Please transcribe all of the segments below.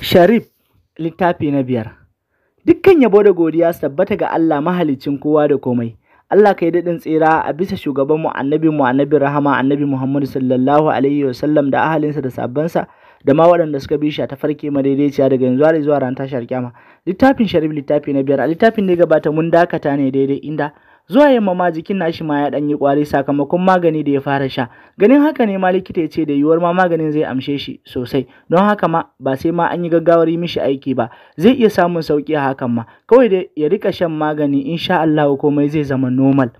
Sharif littafi na biyar Dukkan yabo da godiya su tabbata ga Allah mahalicin kowa da komai. Allah ka yi daɗin tsira a bisa shugaban mu annabi mu annabi rahama annabi Muhammadu sallallahu alaihi wa sallam. da ahalinsa da sabbansa da ma waɗanda suka bi shi ta farke madaidaiciya daga yanzu har zuwa ran tashar kyama. Littafin Sharif littafi na biyar a littafin da gabata mun dakata ne daidai inda zuwa yamma ma jikin nashi ma ya ɗan yi ƙwari sakamakon magani da ya fara sha ganin haka ne ma likita ya ce da yiwuwar ma maganin zai amshe shi sosai don haka ma ba sai ma an yi gaggawar yi mishi aiki ba zai iya samun sauki a hakan ma kawai dai, ya rika shan magani insha Allah komai zai zama normal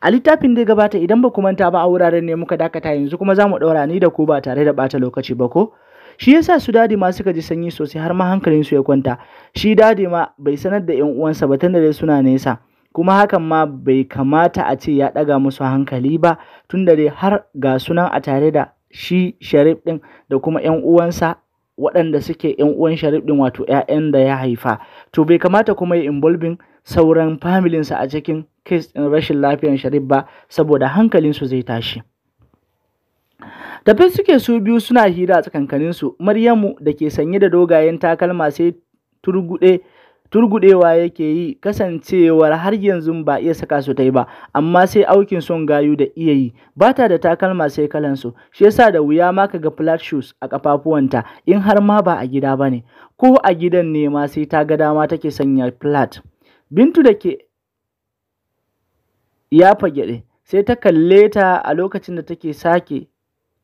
a littafin da gabata idan ba ku manta ba a wuraren ne muka dakata yanzu kuma za mu ɗaura ni da ku ba tare da bata lokaci ba ko shi yasa su dadi ma suka ji sanyi sosai har ma hankalinsu ya kwanta shi dadi ma bai sanar da 'yan uwansa ba tunda dai suna nesa kuma hakan ma bai kamata a ce ya ɗaga musu hankali ba tunda dai har ga sunan a tare da shi sharif ɗin da kuma 'yan uwansa waɗanda suke 'yan uwan sharif ɗin wato 'ya'yan da ya haifa to bai kamata kuma ya involving sauran familinsa a cikin kes ɗin rashin lafiyar sharif ba saboda hankalin su zai tashi tafi suke su biyu suna hira a tsakankaninsu maryamu da ke sanye da dogayen takalma sai turguɗe. turguɗewa yake yi kasancewar har yanzu ba iya saka su ta yi ba amma sai aukin son gayu da iya yi ba ta da takalma sai kalansu. shi yasa da wuya ma kaga flat shoes a kafafuwanta in har ma ba a gida bane ko a gidan ne ma sai ta ga dama take sanya flat bintu da ke ya fage sai ta kalle ta a lokacin da take sake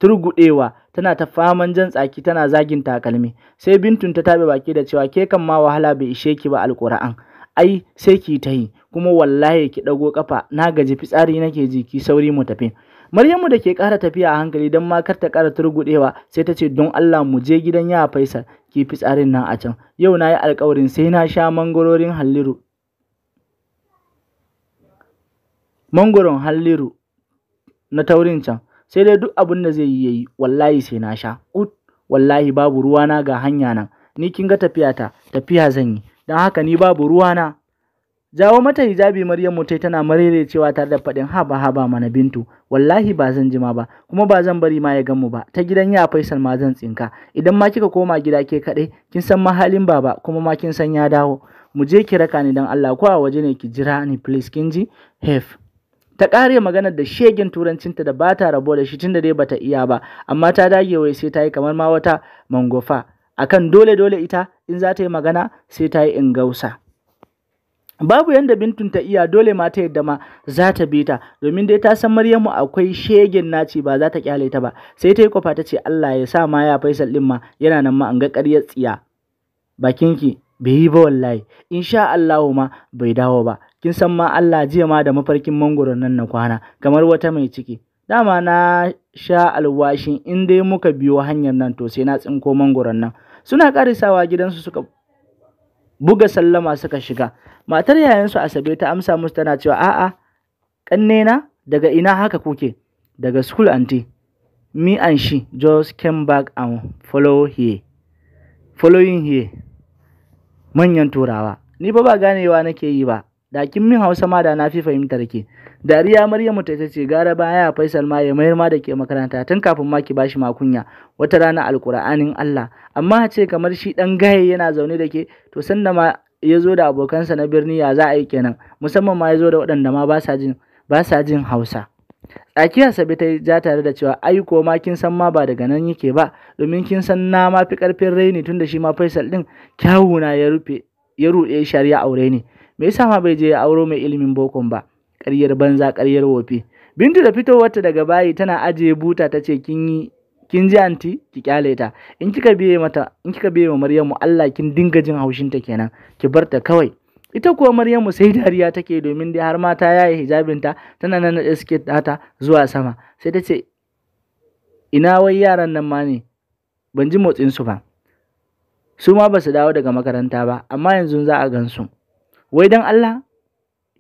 turguɗewa tana ta faman jan tsaki tana zagin takalmi sai bintun ta tabe baki da cewa ke kan ma wahala bai ishe ki ba al'qur'an?" ai sai ki ta yi kuma wallahi ki ɗago kafa na gaji fitsari nake ji ki sauri mu tafi Maryamu da ke ƙara tafiya a hankali don makar ta ƙara turgudewa sai ta ce don Allah mu je gidan ya Faisal ki fitsarin nan a can yau na yi alƙawarin sai na sha mangororin halliru mangoron halliru na taurin can sai dai duk abin da zai yi ya yi, wallahi sai na sha. Ut, wallahi babu ruwa na ga hanya nan, ni kin ga tafiya ta, tafiya zan yi, don haka ni babu ruwa na. Jawo mata hijabi Maryam mu tai tana marere cewa tare da faɗin haba haba mana Bintu wallahi ba zan jima ba kuma ba zan bari ma ya gan mu ba ta gidan ya Faisal ma zan tsinka idan ma kika koma gida ke kaɗai kin san mahalin baba kuma ma kin san ya dawo mu je ki raka ni dan Allah ko a waje ne ki jira ni please kin ji hef ta ƙare maganar da shegen turancinta da ba ta rabo da shi tun da dai bata iya ba amma ta dage wai sai ta yi kamar ma wata mangofa akan dole dole ita in za ta yi magana sai ta yi ingausa babu yanda bintun ta iya dole ma ta yadda ma za ta bi ta domin dai ta san maryamu akwai shegen naci ba za ta kyale ta ba sai ta yi kwafa ta ce allah ya sa ma ya faisal din ma yana nan ma an ga ƙaryar tsiya bakinki bai yi ba wallahi insha allahu ma bai dawo ba kin san ma Allah jiya ma da mafarkin mangoron nan na kwana kamar wata mai ciki dama na sha alwashin in dai muka biyo hanyar nan to sai na tsinko mangoron nan suna karisawa gidansu suka buga sallama suka shiga matar yayansu asabe ta amsa musu tana cewa a'a kannena daga ina haka kuke daga school anti me and she just came back and follow here following here manyan turawa ni ba ba ganewa nake yi ba da kin min hausa ma da na fi fahimtar ke dariya maryamu ta ce gara ba ya faisal ma ya mayar ma da ke makaranta tun kafin ma ki bashi makunya wata rana alkur'anin allah amma ce kamar shi dan gaye yana zaune da ke to sanda ma ya zo da abokansa na birni ya za a yi kenan musamman ma ya zo da waɗanda ma ba sa jin ba sa jin hausa tsaki asabe ta ja tare da cewa ai ko ma kin san ma ba daga nan yake ba domin kin san na ma fi karfin raini tunda shi ma faisal din kyawuna ya rufe ya ruɗe shari'a aure ne me yasa ma bai je ya auro mai ilimin bokon ba ƙaryar banza ƙaryar wofi bintu da fitowarta daga bayi tana ajiye buta ta ce kin yi kin ji anti ki kyale ta in kika biye mata in kika biye wa Maryamu Allah kin dinga jin haushin ta kenan ki bar ta kawai ita kuwa Maryamu sai dariya take domin dai har mata yaye hijabin ta tana nan da suke data zuwa sama sai ta ce ina wai yaran nan ma ne ban ji motsin su ba su ma ba su dawo daga makaranta ba amma yanzu za a gan su. wai dan Allah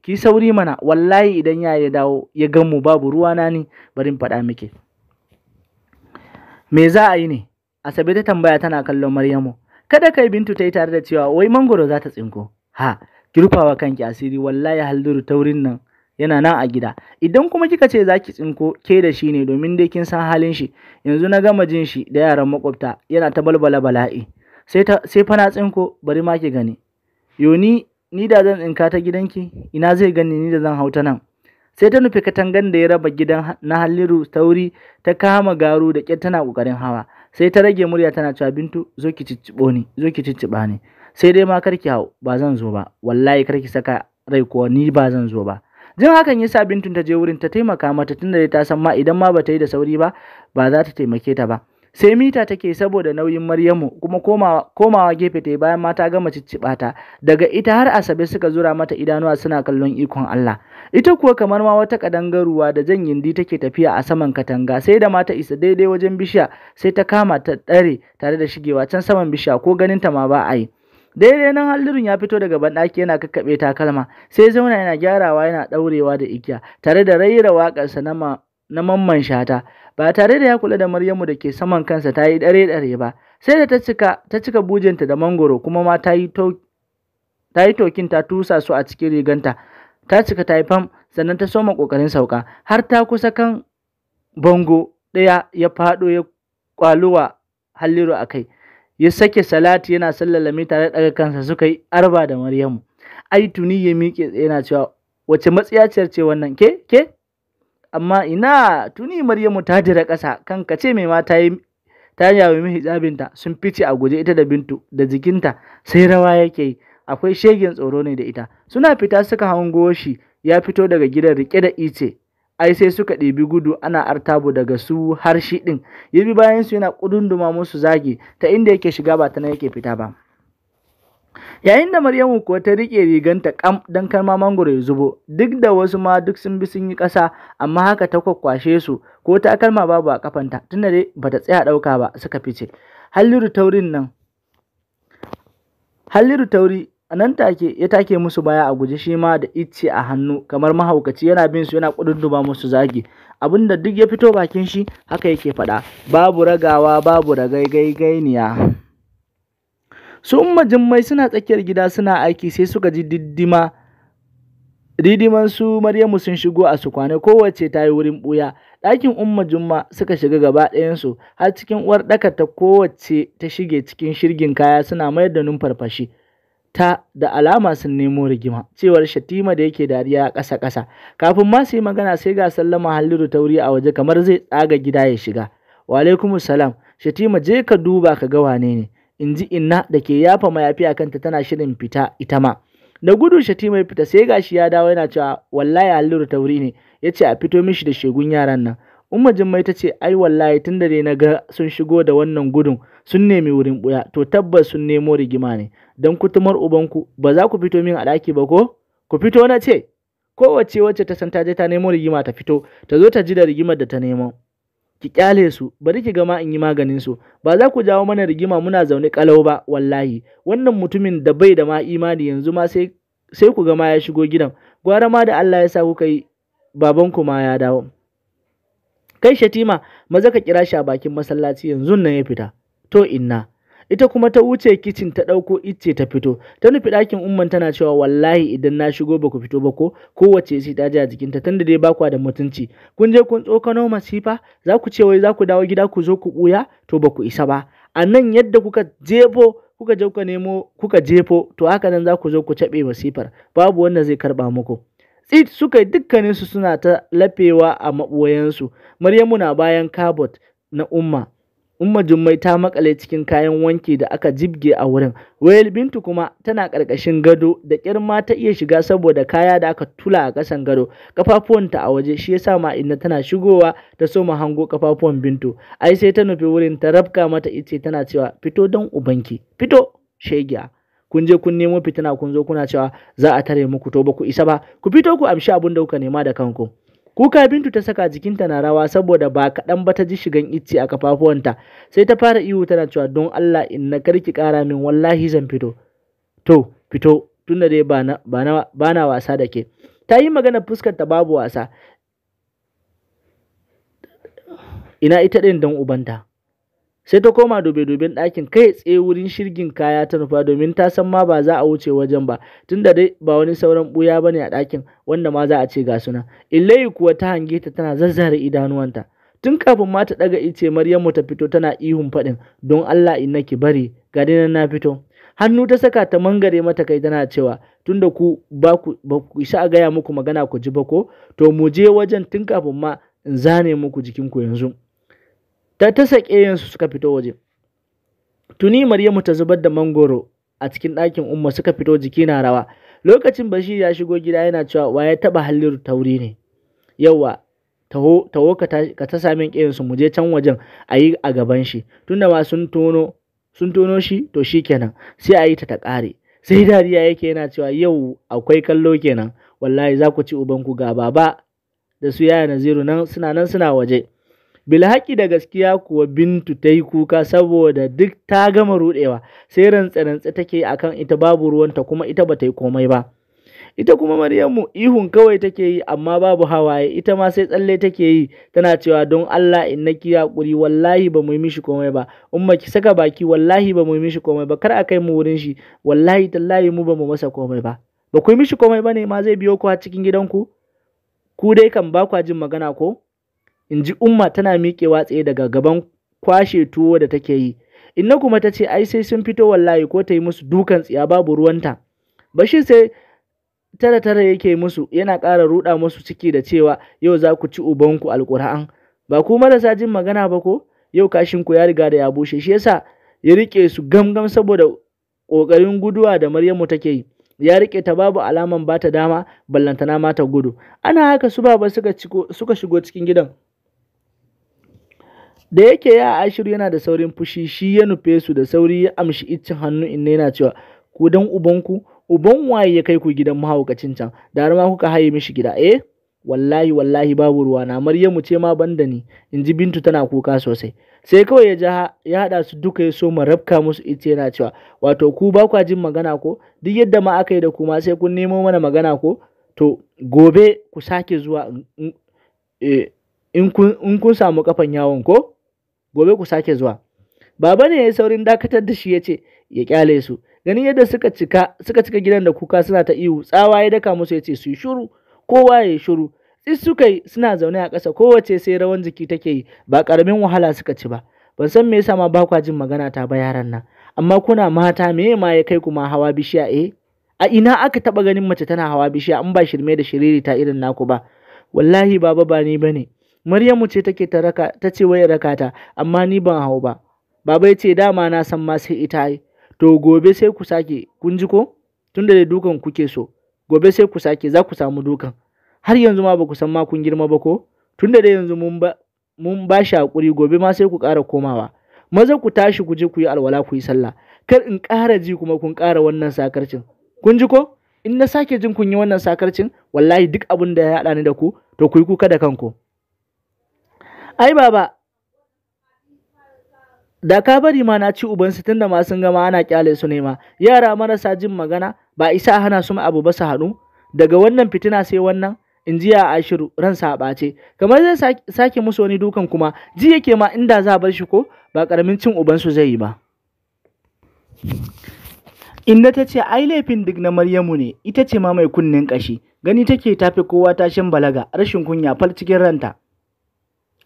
ki sauri mana wallahi idan ya ya dawo ya gan mu babu ruwa na ni bari in faɗa miki me za a yi ne asabe ta tambaya tana kallon maryamu kada kai bintu ta yi tare da cewa wai mangoro za ta tsinko ha ki rufawa kanki asiri wallahi halduru taurin nan yana nan a gida idan kuma kika ce za ki tsinko ke da shi ne domin dai kin san halin shi yanzu na gama jin shi da yaran makwabta yana ta balbala bala'i sai fa na tsinko bari ma ki gani yoni ni da zan tsinka ta gidanki ina zai gani ni da zan hau ta nan sai ta nufi katangan da ya raba gidan na halliru tauri ta kama garu da ƙyar tana ƙoƙarin hawa sai ta rage murya tana cewa bintu zo ki cicciɓo ni zo ki cicciɓa ni sai dai ma karki hau ba zan zo ba wallahi karki saka rai ko ni ba zan zo ba jin hakan yasa bintun ta je wurin ta taimaka mata tunda dai ta san ma idan ma bata yi da sauri ba ba za ta taimake ta ba sai mita take saboda nauyin Maryamu kuma komawa, gefe ta bayan mata gama cicciɓa ta daga ita har Asabe suka zura mata idanuwa suna kallon ikon Allah ita kuwa kamar ma wata kadangaruwa da jan yindi take tafiya a saman katanga sai da mata isa daidai wajen bishiya sai ta kama ta tsare tare da shigewa can saman bishiya ko ganin ta ma ba a yi daidai nan hallirin ya fito daga banɗaki yana kakkaɓe takalma sai zauna yana gyarawa yana ɗaurewa da igiya tare da raira waƙarsa na na Mamman Shata ba tare da ya kula da Maryamu da ke saman kansa ta yi dare-dare ba sai da ta cika ta bujinta da mangoro kuma ma ta yi tokin ta tusa su a cikin riganta ta cika ta yi fam sannan ta soma kokarin sauka har ta kusa kan bango ɗaya ya faɗo ya kwaluwa halliru a kai ya sake salati yana sallalami tare daga kansa suka yi arba da Maryamu ai tuni ya miƙe yana cewa wace matsiyaciyar ce wannan ke ke amma ina tuni Maryamu ta jira ƙasa kan kace mai mata yi ta yawumi hijabinta sun fice a guje ita da Bintu da jikinta sai rawa yake yi akwai shegen tsoro ne da ita suna fita suka hango shi ya fito daga gidan rike da ice ai sai suka ɗebi gudu ana artabu daga su har shi ɗin ya bi bayan su yana ƙudunduma musu zagi ta inda yake shiga ba ta nan yake fita ba yayin da Maryamu kuwa ta riƙe riganta ƙam don kalma mangoro ya zubo duk da wasu ma duk sun bi sun yi ƙasa amma haka ta kwakwashe su ko ta kalma babu a kafanta tunda dai bata tsaya ɗauka ba suka fice halliru taurin nan halliru tauri a nan take ya take musu baya a guje shi ma da icce a hannu kamar mahaukaci yana bin su yana kududduba musu zagi abinda duk ya fito bakin shi haka yake faɗa babu ragawa babu gaigai-gainiya. su umma jummai suna tsakiyar gida suna aiki sai suka ji diddima didiman su maryamu sun shigo a su kwane kowace ta yi wurin buya ɗakin umma jumma suka shiga gaba ɗayansu har cikin uwar ɗaka ta kowace ta shige cikin shirgin kaya suna mayar da numfarfashi ta da alama sun nemo rigima cewar shatima da yake dariya a ƙasa ƙasa kafin ma su yi magana sai ga sallama halliru wuri a waje kamar zai tsaga gida ya shiga wa salam shatima je ka duba ka ga wane ne in ji inna da ke yafa mayafi a kanta tana shirin fita ita ma da gudu shati mai fita sai gashi ya dawo yana cewa wallahi halliru tauri ne ya ce a fito mishi da shegun yaran nan umma Jummai ta ce ai wallahi tun da dai na ga sun shigo da wannan gudun sun nemi wurin buya to tabbas sun nemo rigima ne don kutumar ubanku ba za ku fito min a ɗaki ba ko ku fito na ce kowace wacce ta san ta je ta nemo rigima ta fito ta zo ta ji da rigimar da ta nemo ki kyale su bari ki gama in yi maganin su ba za ku jawo mana rigima muna zaune kalau ba wallahi wannan mutumin da bai da ma imani yanzu ma sai sai ku gama ya shigo gidan gwara ma da Allah ya sa kuka yi baban ku ma ya dawo kai shatima maza ka kira shi a bakin masallaci yanzu nan ya fita to inna ita kuma ta wuce kicin ta ɗauko icce ta fito ta nufi ɗakin umman tana cewa wallahi idan na shigo ba ku fito ba ko kowace sai ta ji a jikinta tunda dai ba kwa da mutunci kun je kun tsokano masifa za ku ce wai za ku dawo gida ku zo ku buya? to ba ku isa ba a nan yadda kuka jebo kuka je kuka nemo kuka jefo to haka nan za ku zo ku caɓe masifar babu wanda zai karɓa muku tsit suka yi dukkaninsu suna ta lafewa a maɓoyansu maryamu na bayan kabot na umma Umma Jummai ta makale cikin kayan wanki da aka jibge a wurin. wayal Bintu kuma tana ƙarƙashin gado da ƙirma ta iya shiga saboda kaya da aka tula a ƙasan gado. Kafafuwanta a waje shi yasa ma inna tana shigowa ta so mu hango kafafuwan Bintu. Ai sai ta nufi wurin ta rafka mata ice tana cewa fito don ubanki. Fito shegiya. kun je kun nemo fitina kun zo kuna cewa za a tare muku to ba ku isa ba ku fito ku amshi abin da kuka nema da kanku Kuka Bintu ta saka jikinta na rawa saboda ba kaɗan ba ta ji shigan icce a kafafuwanta, sai ta fara ihu tana cewa don Allah in na karki kara min wallahi zan fito. To, fito, tunda dai ba na wasa da ke. Ta yi magana fuskar ta babu wasa. Ina ita ɗin don ubanta. sai ta koma dobe-doben ɗakin kai tsaye wurin shirgin kaya ta nufa domin ta san ma ba za a wuce wajen ba tunda dai ba wani sauran ɓuya ba ne a ɗakin wanda ma za a ce ga suna illayi kuwa ta hange ta tana zazzare idanuwanta tun kafin ma ta ɗaga ice maryamu ta fito tana ihun faɗin don allah inna ki bari ga na fito hannu ta saka ta mangare mata kai tana cewa tunda ku ba ku isa a gaya muku magana ku ji ba ko to mu je wajen tun kafin ma in zane muku jikinku yanzu ta ta saƙe suka fito waje tuni maryamu ta zubar da mangoro a cikin ɗakin umma suka fito jiki na rawa lokacin bashir ya shigo gida yana cewa wa ya taɓa hallir tauri ne yawa taho ka ta sami ƙiyansu mu je can wajen a yi a gaban shi tunda ma sun tono sun tono shi to shi kenan sai a yi ta ta ƙare sai dariya yake yana cewa yau akwai kallo kenan wallahi za ku ci ubanku ga baba da su yaya naziru nan suna nan suna waje Bilhaki da gaskiya kuwa Bintu ta yi kuka saboda duk ta gama ruɗewa, sai rantse-rantse take akan ita babu ruwanta kuma ita ba ta yi komai ba. Ita kuma Maryamu ihun kawai take yi amma babu hawaye, ita ma sai tsalle take yi tana cewa don Allah in na kiya kuri wallahi ba mu yi mishi komai ba, umma ki saka baki wallahi ba mu yi mishi komai ba, kar a kai mu wurin shi, wallahi tallahi mu ba mu masa komai ba. Ba ku yi mishi komai ba ne ma zai biyo ku a cikin gidanku? Ku dai kan ba ku jin magana ko? In ji Umma tana miƙewa tsaye daga gaban kwashe tuwo da take yi. Inna kuma ta ce ai sai sun fito wallahi ko ta yi musu dukan tsiya babu ruwanta. Bashir sai tara tara yake musu yana ƙara ruɗa musu ciki da cewa yau za ku ci ubanku alƙur'an. Ba ku marasa jin magana ba ko? Yau kashin ku ya riga da ya bushe shi yasa ya riƙe su gamgam saboda ƙoƙarin guduwa da Maryamu take yi. ya rike ta babu alaman ba ta dama ballantana mata gudu ana haka su baba suka shigo cikin gidan Da yake ya Ashiru yana da saurin fushi shi ya nufe su da sauri ya amshi iccen hannu inna yana cewa ku dan ubanku uban waye ya kai ku gidan mahaukacin can da har ma kuka haye mishi gida eh wallahi wallahi babu ruwa na Maryamu ce ma banda ni in ji Bintu tana kuka sosai sai kawai ya ja ya hada su duka ya so marabka musu ita yana cewa wato ku ba kwa jin magana ko duk yadda ma aka yi da kuma sai kun nemo mana magana ko to gobe ku sake zuwa in eh, kun samu kafan yawon ko gobe ku sake zuwa baba ne ya saurin dakatar da shi ya ce ya kyale su ganin yadda suka cika suka cika gidan da kuka suna ta ihu tsawa ya daka musu ya ce su yi shuru kowa ya yi shuru tsis suka yi suna zaune a ƙasa kowace sai rawan jiki take yi ba ƙaramin wahala suka ci ba ban san me yasa ma ba kwa jin magana ta ba yaran nan amma kuna mata me ma ya kai kuma hawa bishiya eh a ina aka taba ganin mace tana hawa bishiya An ba shirme da shiriri ta irin naku ba wallahi baba ba ni bane Maryamu ce take ta raka ta ce wai raka ta amma ni ban hau ba. Baba yace dama na san ma sai ita ai. To gobe sai ku sake kun ji ko? Tunda da dukan kuke so. Gobe sai ku sake za ku samu dukan. Har yanzu ma ba ku san ma kun girma ba ko? Tunda da yanzu mun ba mun ba shi hakuri gobe ma sai ku ƙara komawa. Maza ku tashi ku je ku yi alwala ku yi sallah. Kar in ƙara ji kuma kun ƙara wannan sakarcin. Kun ji ko? In na sake jin kun yi wannan sakarcin, wallahi duk abin da ya haɗa ni da ku, to ku yi kuka da kanku. ai baba da ka bari ma na ci ubansu tunda ma sun gama ana kyale su ne ma yara marasa jin magana ba isa hana su abu ba su haɗu daga wannan fitina sai wannan in ji a ashiru ran ɓace kamar zai sake musu wani dukan kuma ji yake ma inda za bar shi ko ba karamin cin ubansu zai yi ba inda ta ce ai laifin duk na maryamu ne ita ce ma mai kunnen kashi gani take tafi kowa tashin balaga rashin kunya fal cikin ranta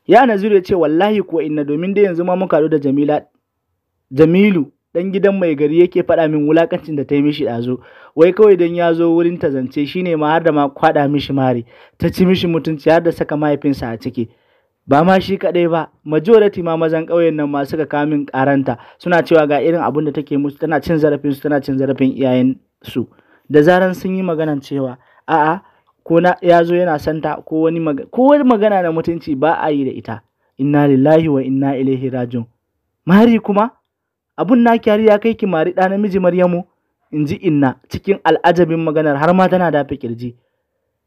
Ya Naziru ya ce wallahi kuwa inna domin dai yanzu ma mun da Jamila Jamilu dan gidan mai gari yake faɗa min wulakancin da ta yi mishi ɗazu wai kawai dan ya zo wurin ta zance shine ma har da ma kwaɗa mishi mari ta ci mishi mutunci har da saka mahaifinsa a ciki ba ma shi kaɗai ba majority ma mazan ƙauyen nan ma suka kamin karanta suna cewa ga irin abun da take musu tana cin zarafin su tana cin zarafin iyayen su da zaran sun yi maganan cewa a'a ko na ya zo yana santa ko wani magana ko wani magana na mutunci ba a yi da ita inna lillahi wa inna ilaihi rajiun mari kuma abun na kyari ya kai ki mari da namiji maryamu in ji inna cikin al'ajabin maganar har ma tana dafa kirji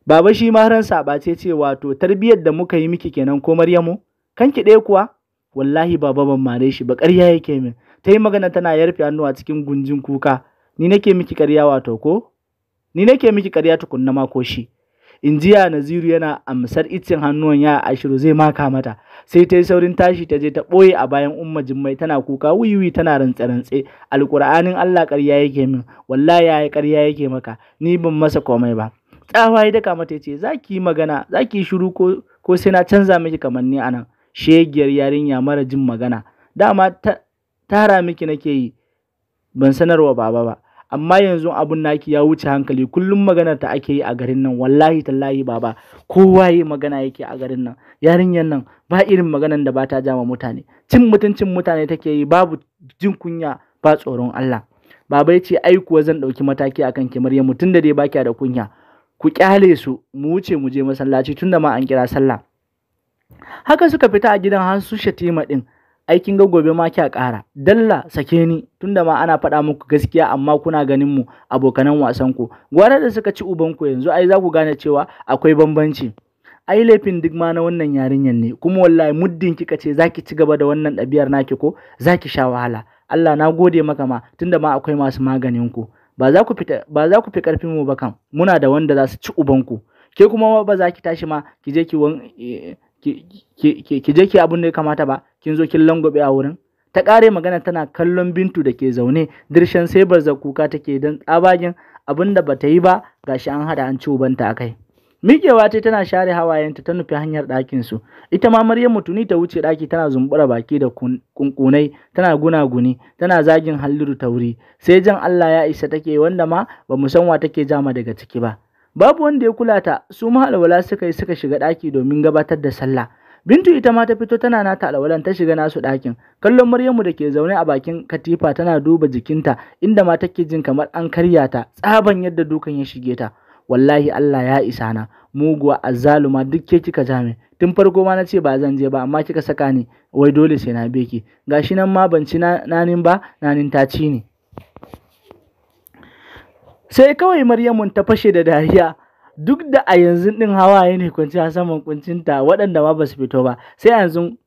baba shi ma ran sabace ce wato tarbiyyar da muka yi miki kenan ko maryamu kanki ɗaya kuwa wallahi baba ban mare shi ba ƙarya yake min ta yi magana tana yarfe hannuwa cikin gunjin kuka ni nake miki ƙarya wato ko ni nake miki ƙarya tukunna ma ko shi in jiya naziru yana amsar iccen hannuwan ya ashiru zai maka mata sai ta yi saurin tashi ta je ta ɓoye a bayan umma jimmai tana kuka wiwi tana rantse-rantse alƙur'anin allah ƙarya yake min wallahi ya karya yake maka ni ban masa komai ba tsawa ya daka mata ya ce za ki yi magana za ki shiru ko sai na canza miki kamar a nan shegiyar yarinya mara jin magana dama tara miki nake yi ban sanarwa baba ba amma yanzu abun naki ya wuce hankali kullum maganar ta ake yi a garin nan wallahi tallahi baba kowa yi magana yake a garin nan yarinyar nan ba irin maganar da ba ta jama mutane cin mutuncin mutane take yi babu jin kunya ba tsoron Allah baba ya ce ai kuwa zan ɗauki mataki akan ki Maryam tun da dai ba da kunya ku kyale su mu wuce mu je masallaci tunda ma an kira sallah haka suka fita a gidan Hansu Shatima din Aikin ga gobe ma kya ƙara dalla sake ni tunda ma ana faɗa muku gaskiya amma kuna ganin mu abokanan wasan ku gwara da suka ci uban ku yanzu ai za ku gane cewa akwai bambanci ai laifin duk ma na wannan yarinyar ne kuma wallahi muddin kika ce zaki ci gaba da wannan ɗabi'ar naki ko zaki sha wahala Allah na gode maka ma tunda ma akwai masu maganin ku ba za ku fita ba za ku fi karfin mu ba kam muna da wanda za su ci uban ku ke kuma ba za ki tashi ma ki je ki eh, ki je ki abin da ya kamata ba kin zo kin langwabe a wurin ta kare magana tana kallon bintu da ke zaune dirshen sai barza kuka take don tsabagen abinda ba ta yi ba gashi an hada an ci ubanta akai miƙewa ta tana share hawayenta ta nufi hanyar ɗakin su ita ma maryamu tuni ta wuce ɗaki tana zumbura baki da kunkunai tana gunaguni tana zagin halliru tauri sai jan Allah ya isa take wanda ma ba mu san wa take jama daga ciki ba babu wanda ya kula ta su ma alwala suka yi suka shiga ɗaki domin gabatar da sallah Bintu ita ma ta fito tana nata alwalan ta shiga nasu ɗakin. Kallon Maryamu da ke zaune a bakin katifa tana duba jikinta inda ma take jin kamar an karya ta tsaban yadda dukan ya shige ta. Wallahi Allah ya isa na muguwa azzaluma duk ke kika jami tun farko ma na ce ba zan je ba amma kika saka ni wai dole sai na ki. gashi nan ma ban ci nanin ba nanin ta ci ne. sai kawai Maryamun ta fashe da dariya duk da a yanzu din hawaye ne a saman kuncinta waɗanda ma ba su fito ba sai yanzu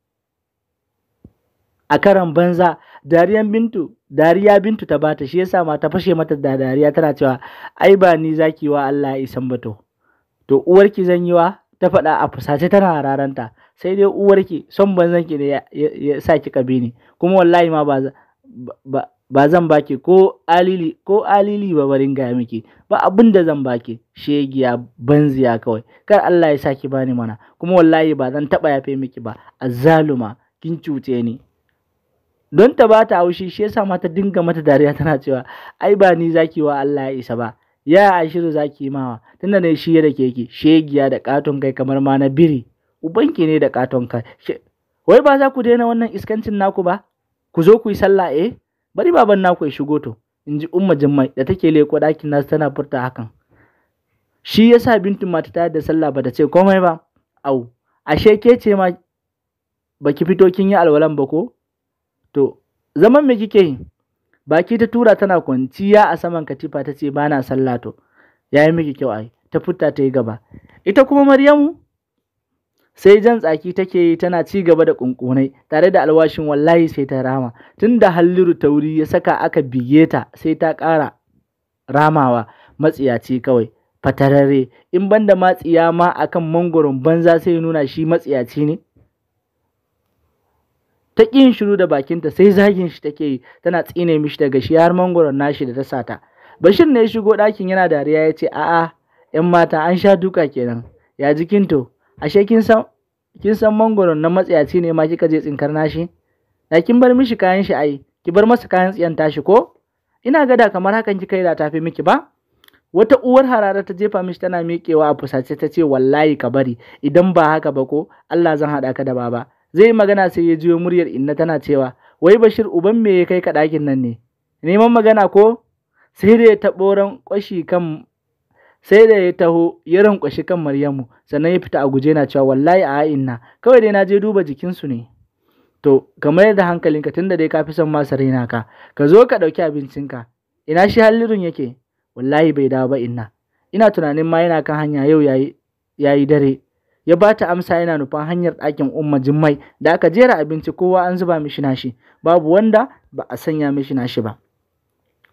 a karan banza dariyan bintu dariya bintu ta bata shi yasa ma ta fashe mata da dariya tana cewa ai ba ni zaki wa Allah ya isan bato to uwarki zan yi wa ta faɗa a fusace tana raranta sai dai uwarki son banzan ki ne ya sa ki kabe ni kuma wallahi ma ba ba zan baki ko alili ko alili ba barin gaya miki ba abin da zan baki shegiya banziya kawai kar Allah ya saki bani mana kuma wallahi ba zan taba yafe miki ba azzaluma kin cuce ni don ta bata haushi shi yasa mata dinga mata dariya tana cewa ai ba ni zaki wa Allah ya isa ba ya ashiru zaki mawa tunda ne shi da keke shegiya da katon kai kamar ma na biri ubanki ne da katon kai wai ba za ku daina wannan iskancin naku ba ku zo ku yi sallah eh Bari baban naku ya shigo to, in ji Umma Jummai da take leko ɗakin nasu tana furta hakan. Shi ya sa Bintu mata ta yadda da sallah ba ta ce komai ba, au, ashe ke ce ma baki fito kin yi alwalan ba ko? To, zaman me kike yi? Baki ta tura tana kwanciya a saman katifa ta ce ba na sallah to, ya miki kyau ai, ta furta ta yi gaba. Ita kuma Maryamu, sai jan tsaki take yi tana ci gaba da kunkunai tare da alwashin wallahi sai ta rama tunda halliru tauri ya saka aka bige ta sai ta ƙara ramawa matsiyaci kawai Fatarare. in banda matsiya ma akan mangoron banza sai ya nuna shi matsiyaci ne ta ƙin shiru da bakinta sai zagin shi take yi tana tsine mishi daga shi har mangoron nashi da ta sata bashir ne ya shigo ɗakin yana dariya ya ce a'a 'yan mata an sha duka kenan ya to ashe kin san kin san nan matsayaci ne ma kika je tsinkar nashi da kin bar mishi kayan shi ai ki bar masa kayan tsiyan tashi ko ina gada kamar hakan kika yi da tafi miki ba wata uwar harara ta jefa mishi tana miƙewa a fusace ta ce wallahi ka bari idan ba haka ba ko Allah zan haɗa ka da baba zai magana sai ya jiyo muryar inna tana cewa wai bashir uban me ya kai ka ɗakin nan ne neman magana ko sai da ya taɓo ran kwashi kan sai da ya taho ya rankwashi kan Maryamu sannan ya fita a guje na cewa wallahi a inna kawai dai na je duba jikinsu ne to ka mayar da hankalinka tunda dai ka fi son masa raina ka ka zo ka ɗauki abincinka ina shi hallirin yake wallahi bai dawo ba inna ina tunanin ma yana kan hanya yau yayi yi dare ya bata amsa yana nufan hanyar ɗakin umma jimmai da aka jera abinci kowa an zuba mishi nashi babu wanda ba a sanya mishi nashi ba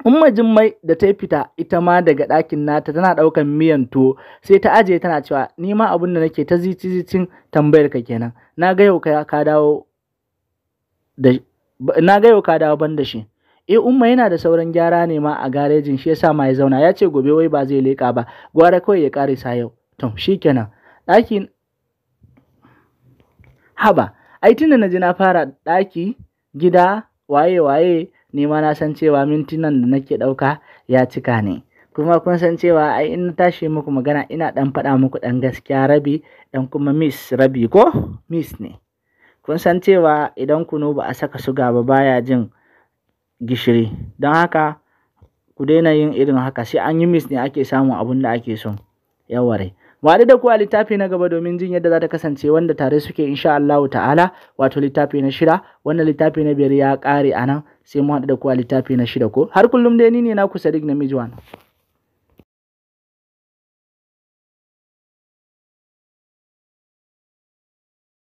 Umma Jummai da ta fita ita ma daga ɗakin nata tana ɗaukan miyan tuwo sai ta ajiye tana cewa ni ma abin da nake ta zici zicin tambayar ka kenan na ga yau ka dawo da dawo ban da shi eh umma yana da sauran gyara ne ma a garejin shi yasa ma ya zauna ya ce gobe wai ba zai leƙa ba gwara kawai ya ƙare sa yau to shikenan ɗakin haba ai tunda na ji na fara ɗaki gida waye waye ni ma na san cewa mintunan da nake ɗauka ya cika ne. Kuma kun san cewa ai in na tashi muku magana ina ɗan faɗa muku ɗan gaskiya rabi dan kuma miss rabi ko miss ne. Kun san cewa idan kunu ba a saka suga ba baya jin gishiri don haka ku daina yin irin haka sai an yi miss ne ake samun abun da ake so yaware. Wadu da kuwa littafi na gaba domin jin yadda za ta kasance wanda tare suke insha Allah ta'ala wato littafi na shida wanda littafi na biyar ya kare a nan sai mu haɗu da kuwa littafi na shida ko har kullum dai ni ne na kusa duk namiji wani.